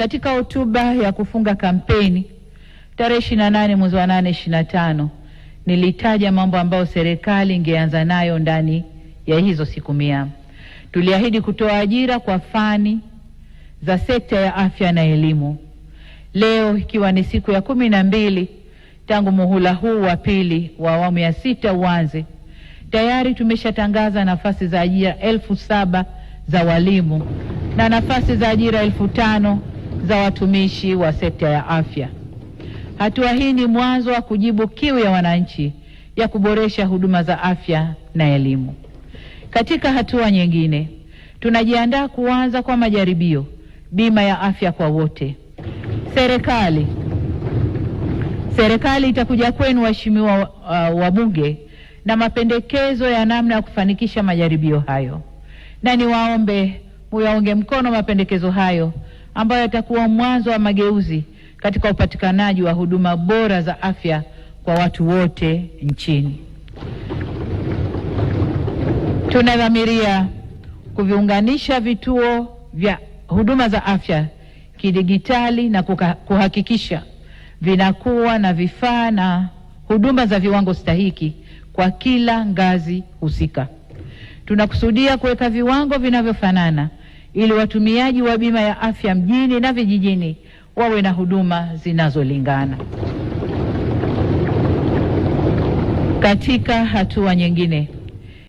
Katika hotuba ya kufunga kampeni tarehe 28 mwezi wa 8 25 nilitaja mambo ambayo serikali ingeanza nayo ndani ya hizo siku mia. Tuliahidi kutoa ajira kwa fani za sekta ya afya na elimu. Leo ikiwa ni siku ya kumi na mbili tangu muhula huu wa pili wa awamu ya sita uanze, tayari tumeshatangaza nafasi za ajira elfu saba za walimu na nafasi za ajira elfu tano za watumishi wa sekta ya afya. Hatua hii ni mwanzo wa kujibu kiu ya wananchi ya kuboresha huduma za afya na elimu. Katika hatua nyingine, tunajiandaa kuanza kwa majaribio bima ya afya kwa wote. Serikali serikali itakuja kwenu waheshimiwa uh, wabunge na mapendekezo ya namna ya kufanikisha majaribio hayo, na niwaombe muyaunge mkono mapendekezo hayo ambayo yatakuwa mwanzo wa mageuzi katika upatikanaji wa huduma bora za afya kwa watu wote nchini. Tunadhamiria kuviunganisha vituo vya huduma za afya kidigitali na kuka, kuhakikisha vinakuwa na vifaa na huduma za viwango stahiki kwa kila ngazi husika. Tunakusudia kuweka viwango vinavyofanana ili watumiaji wa bima ya afya mjini na vijijini wawe na huduma zinazolingana. Katika hatua nyingine